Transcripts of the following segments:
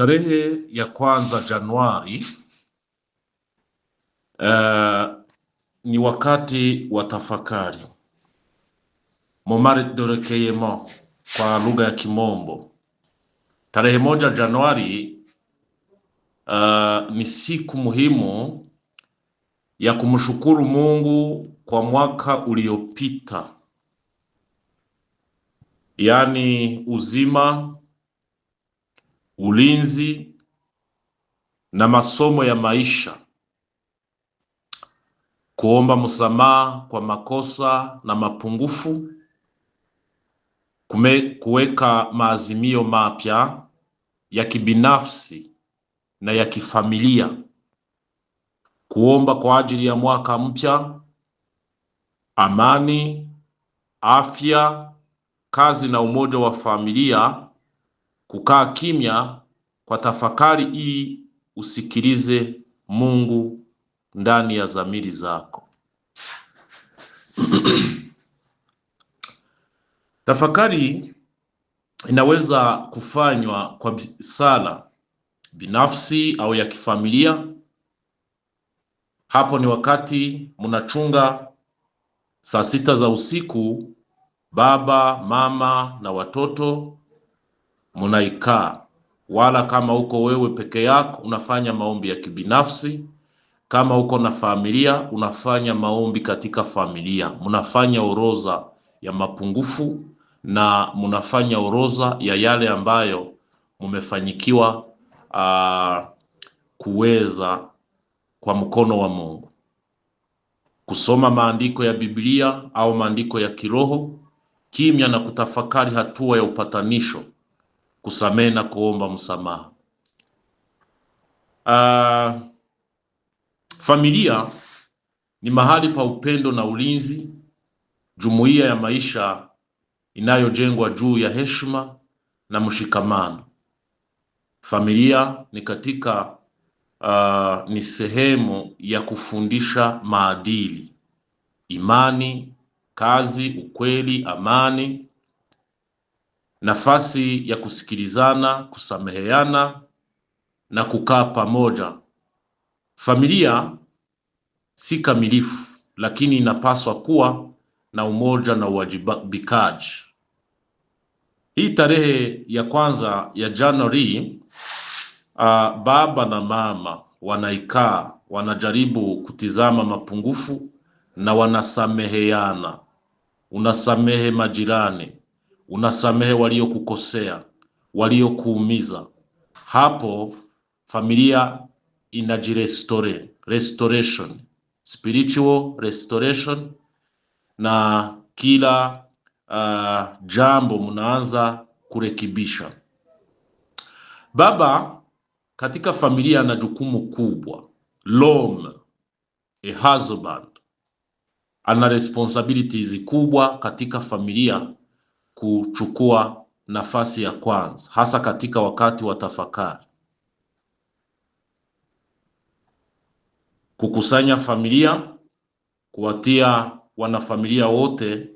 Tarehe ya kwanza Januari uh, ni wakati wa tafakari moment de recueillement kwa lugha ya Kimombo. Tarehe moja Januari uh, ni siku muhimu ya kumshukuru Mungu kwa mwaka uliopita, yaani uzima ulinzi na masomo ya maisha, kuomba msamaha kwa makosa na mapungufu, kuweka maazimio mapya ya kibinafsi na ya kifamilia, kuomba kwa ajili ya mwaka mpya, amani, afya, kazi na umoja wa familia, kukaa kimya kwa tafakari hii usikilize Mungu ndani ya dhamiri zako. Tafakari inaweza kufanywa kwa sala binafsi au ya kifamilia. Hapo ni wakati mnachunga saa sita za usiku, baba, mama na watoto mnaikaa wala kama uko wewe peke yako unafanya maombi ya kibinafsi. Kama uko na familia unafanya maombi katika familia, mnafanya oroza ya mapungufu na mnafanya oroza ya yale ambayo mmefanyikiwa ah, kuweza kwa mkono wa Mungu, kusoma maandiko ya Biblia au maandiko ya kiroho, kimya na kutafakari hatua ya upatanisho kusamehe na kuomba msamaha. Uh, familia ni mahali pa upendo na ulinzi, jumuiya ya maisha inayojengwa juu ya heshima na mshikamano. Familia ni katika uh, ni sehemu ya kufundisha maadili, imani, kazi, ukweli, amani nafasi ya kusikilizana, kusameheana na kukaa pamoja. Familia si kamilifu, lakini inapaswa kuwa na umoja na uwajibikaji. Hii tarehe ya kwanza ya Januari, uh, ah, baba na mama wanaikaa, wanajaribu kutizama mapungufu na wanasameheana. Unasamehe majirani unasamehe waliokukosea, waliokuumiza. Hapo familia inajirestore, restoration, spiritual restoration, na kila uh, jambo mnaanza kurekebisha. Baba katika familia ana jukumu kubwa lom, a husband ana responsibilities kubwa katika familia kuchukua nafasi ya kwanza, hasa katika wakati wa tafakari. Kukusanya familia, kuwatia wanafamilia wote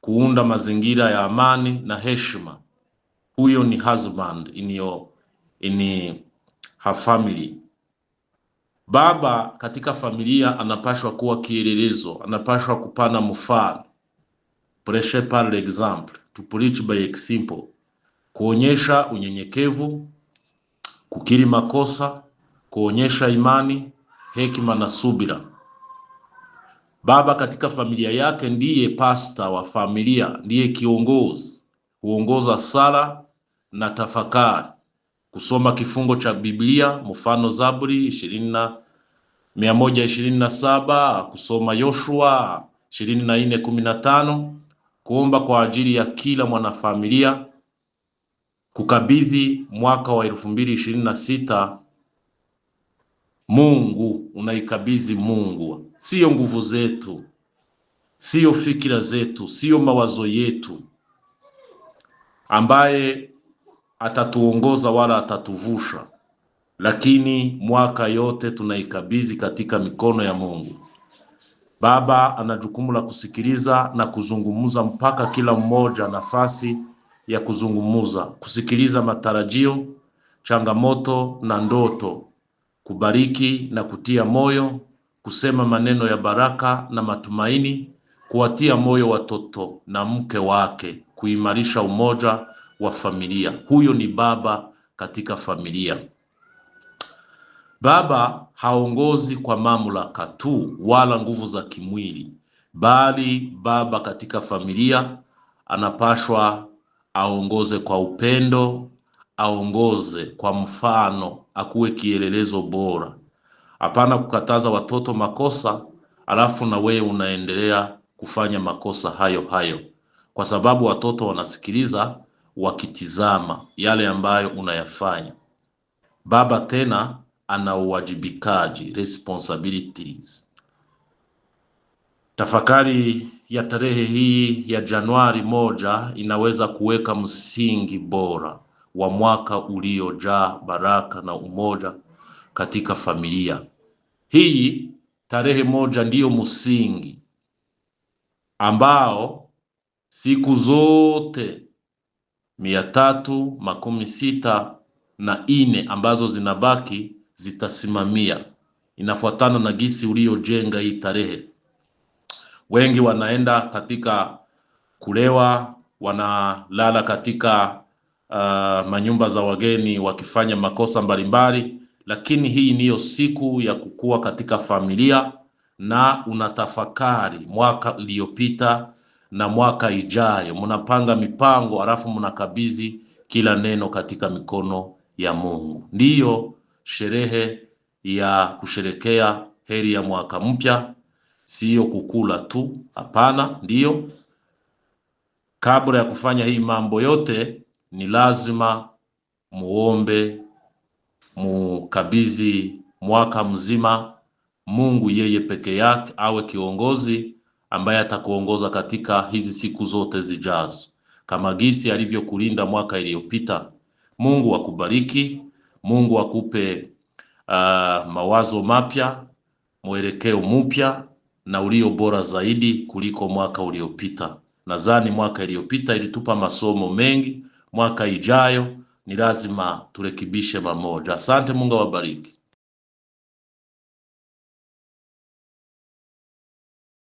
kuunda mazingira ya amani na heshima. Huyo ni husband in your, in her family. Baba katika familia anapashwa kuwa kielelezo, anapashwa kupana mfano, prêcher par l'exemple to preach by example, kuonyesha unyenyekevu, kukiri makosa, kuonyesha imani, hekima na subira. Baba katika familia yake ndiye pasta wa familia, ndiye kiongozi, huongoza sala na tafakari, kusoma kifungo cha Biblia, mfano Zaburi 20 127, kusoma Yoshua ishirini kuomba kwa ajili ya kila mwanafamilia kukabidhi mwaka wa elfu mbili ishirini na sita Mungu, unaikabidhi Mungu, siyo nguvu zetu, siyo fikira zetu, siyo mawazo yetu, ambaye atatuongoza wala atatuvusha, lakini mwaka yote tunaikabidhi katika mikono ya Mungu. Baba ana jukumu la kusikiliza na kuzungumza mpaka kila mmoja nafasi ya kuzungumza, kusikiliza matarajio, changamoto na ndoto, kubariki na kutia moyo, kusema maneno ya baraka na matumaini, kuwatia moyo watoto na mke wake, kuimarisha umoja wa familia. Huyo ni baba katika familia. Baba haongozi kwa mamlaka tu wala nguvu za kimwili, bali baba katika familia anapashwa aongoze kwa upendo, aongoze kwa mfano, akuwe kielelezo bora. Hapana kukataza watoto makosa alafu na wewe unaendelea kufanya makosa hayo hayo, kwa sababu watoto wanasikiliza wakitizama yale ambayo unayafanya. Baba tena ana uwajibikaji responsibilities. Tafakari ya tarehe hii ya Januari moja inaweza kuweka msingi bora wa mwaka uliojaa baraka na umoja katika familia. Hii tarehe moja ndiyo msingi ambao siku zote mia tatu makumi sita na ine ambazo zinabaki zitasimamia. Inafuatana na gisi uliojenga hii tarehe. Wengi wanaenda katika kulewa, wanalala katika uh, manyumba za wageni wakifanya makosa mbalimbali, lakini hii niyo siku ya kukua katika familia na unatafakari mwaka iliyopita na mwaka ijayo, mnapanga mipango, halafu mnakabidhi kila neno katika mikono ya Mungu. Ndiyo sherehe ya kusherekea heri ya mwaka mpya, siyo kukula tu. Hapana, ndiyo, kabla ya kufanya hii mambo yote ni lazima muombe, mukabidhi mwaka mzima Mungu yeye peke yake, awe kiongozi ambaye atakuongoza katika hizi siku zote zijazo, kama gisi alivyokulinda mwaka iliyopita. Mungu akubariki. Mungu akupe uh, mawazo mapya, mwelekeo mpya na ulio bora zaidi kuliko mwaka uliopita. Nadhani mwaka iliyopita ilitupa masomo mengi. Mwaka ijayo ni lazima turekebishe pamoja. Asante, Mungu awabariki.